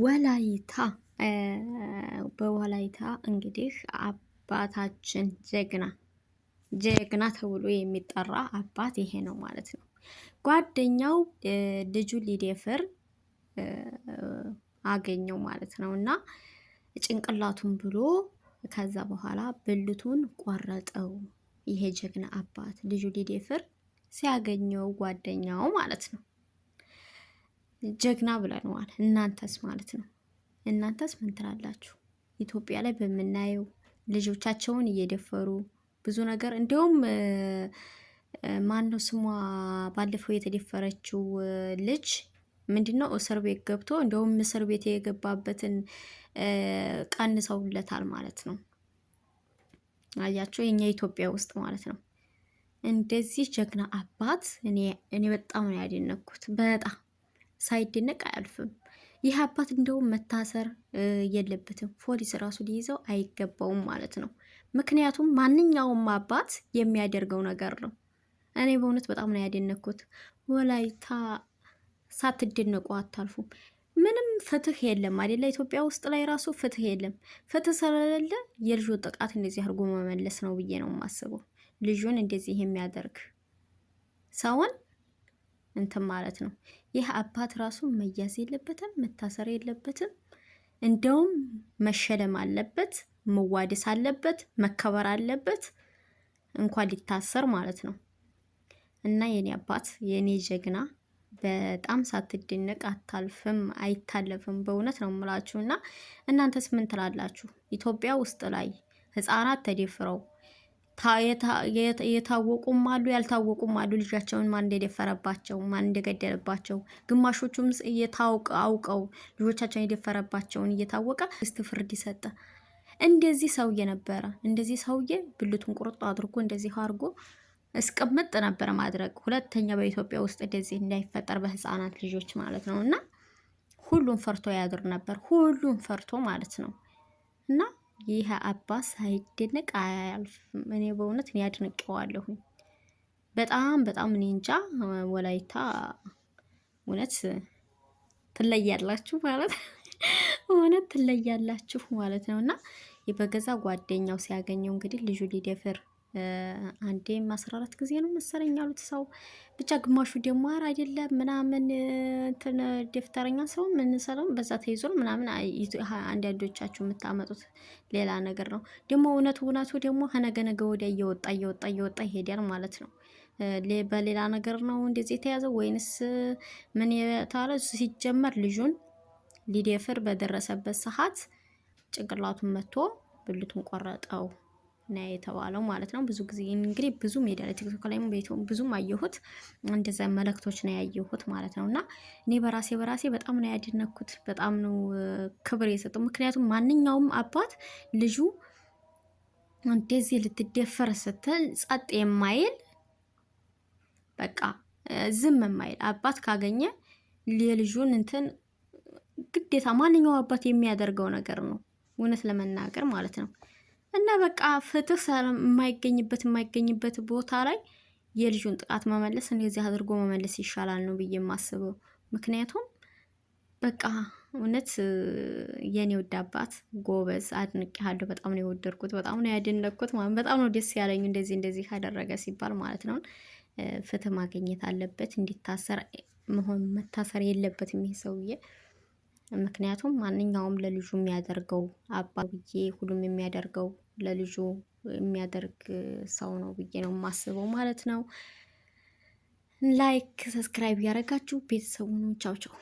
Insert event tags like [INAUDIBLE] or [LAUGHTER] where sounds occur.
ወላይታ በወላይታ እንግዲህ አባታችን ጀግና ጀግና ተብሎ የሚጠራ አባት ይሄ ነው ማለት ነው። ጓደኛው ልጁ ሊደፍር አገኘው ማለት ነው እና ጭንቅላቱን ብሎ ከዛ በኋላ ብልቱን ቆረጠው። ይሄ ጀግና አባት ልጁ ሊደፍር ሲያገኘው ጓደኛው ማለት ነው። ጀግና ብለነዋል። እናንተስ ማለት ነው። እናንተስ ምን ትላላችሁ? ኢትዮጵያ ላይ በምናየው ልጆቻቸውን እየደፈሩ ብዙ ነገር እንዲሁም ማን ነው ስሟ ባለፈው የተደፈረችው ልጅ ምንድን ነው እስር ቤት ገብቶ እንዲሁም እስር ቤት የገባበትን ቀንሰውለታል ማለት ነው። አያቸው የኛ ኢትዮጵያ ውስጥ ማለት ነው። እንደዚህ ጀግና አባት እኔ በጣም ነው ያደነኩት በጣም ሳይደነቅ አያልፍም። ይህ አባት እንደውም መታሰር የለበትም፣ ፖሊስ ራሱ ሊይዘው አይገባውም ማለት ነው። ምክንያቱም ማንኛውም አባት የሚያደርገው ነገር ነው። እኔ በእውነት በጣም ነው ያደነኩት። ወላይታ ሳትደነቁ አታልፉም። ምንም ፍትህ የለም አይደለ? ኢትዮጵያ ውስጥ ላይ ራሱ ፍትህ የለም። ፍትህ ስለሌለ የልጁ ጥቃት እንደዚህ አድርጎ መመለስ ነው ብዬ ነው የማስበው። ልጁን እንደዚህ የሚያደርግ ሰውን እንትን ማለት ነው። ይህ አባት ራሱ መያዝ የለበትም፣ መታሰር የለበትም። እንደውም መሸለም አለበት፣ መዋደስ አለበት፣ መከበር አለበት። እንኳን ሊታሰር ማለት ነው። እና የኔ አባት የኔ ጀግና በጣም ሳትደነቅ አታልፍም፣ አይታለፍም። በእውነት ነው የምላችሁ። እና እናንተስ ምን ትላላችሁ? ኢትዮጵያ ውስጥ ላይ ህጻናት ተደፍረው የታወቁም አሉ ያልታወቁም አሉ። ልጃቸውን ማን እንደደፈረባቸው ማን እንደገደለባቸው፣ ግማሾቹም የታውቅ አውቀው ልጆቻቸውን የደፈረባቸውን እየታወቀ ስት ፍርድ ይሰጠ። እንደዚህ ሰውዬ ነበረ። እንደዚህ ሰውዬ ብልቱን ቁርጦ አድርጎ እንደዚህ አድርጎ እስቅምጥ ነበረ ማድረግ። ሁለተኛ በኢትዮጵያ ውስጥ እንደዚህ እንዳይፈጠር በህፃናት ልጆች ማለት ነው። እና ሁሉም ፈርቶ ያድር ነበር። ሁሉም ፈርቶ ማለት ነው እና ይህ አባስ ሳይደነቅ አያልፍም። እኔ በእውነት እኔ አድንቀዋለሁኝ። በጣም በጣም እኔ እንጃ ወላይታ እውነት ትለያላችሁ ማለት [LAUGHS] እውነት ትለያላችሁ ማለት ነው እና በገዛ ጓደኛው ሲያገኘው እንግዲህ ልጁ ሊደፍር አንዴም አስራ አራት ጊዜ ነው መሰለኝ ያሉት ሰው ብቻ። ግማሹ ደግሞ አር አይደለም ምናምን እንትን ደፍተረኛ ሰው የምንሰለው በዛ ተይዞ ነው ምናምን። አንዳንዶቻችሁ የምታመጡት ሌላ ነገር ነው ደግሞ። እውነቱ እውነቱ ደግሞ ከነገ ነገ ወዲያ እየወጣ እየወጣ እየወጣ ይሄዳል ማለት ነው። በሌላ ነገር ነው እንደዚህ የተያዘው ወይንስ ምን የተባለ? ሲጀመር ልጁን ሊደፍር በደረሰበት ሰዓት ጭንቅላቱን መቶ ብልቱን ቆረጠው። ነ የተባለው ማለት ነው። ብዙ ጊዜ እንግዲህ ብዙ ሜዲያ ላይ ቲክቶክ ላይ ብዙም አየሁት እንደዛ መልእክቶች ነው ያየሁት ማለት ነው። እና እኔ በራሴ በራሴ በጣም ነው ያደነኩት፣ በጣም ነው ክብር የሰጠው። ምክንያቱም ማንኛውም አባት ልጁ እንደዚህ ልትደፈር ስትል ጸጥ የማይል በቃ ዝም የማይል አባት ካገኘ የልጁን እንትን ግዴታ ማንኛውም አባት የሚያደርገው ነገር ነው እውነት ለመናገር ማለት ነው። እና በቃ ፍትህ የማይገኝበት የማይገኝበት ቦታ ላይ የልጁን ጥቃት መመለስ እንደዚህ አድርጎ መመለስ ይሻላል ነው ብዬ የማስበው። ምክንያቱም በቃ እውነት የኔ ውድ አባት ጎበዝ፣ አድንቄሃለሁ። በጣም ነው የወደድኩት፣ በጣም ነው ያደነኩት። በጣም ነው ደስ ያለኝ እንደዚህ እንደዚህ ካደረገ ሲባል ማለት ነው። ፍትህ ማግኘት አለበት፣ እንዲታሰር መሆን መታሰር የለበትም ይሄ ሰውዬ። ምክንያቱም ማንኛውም ለልጁ የሚያደርገው አባ ብዬ ሁሉም የሚያደርገው ለልጁ የሚያደርግ ሰው ነው ብዬ ነው የማስበው ማለት ነው። ላይክ፣ ሰብስክራይብ ያደረጋችሁ ቤተሰቡን ቻው ቻው።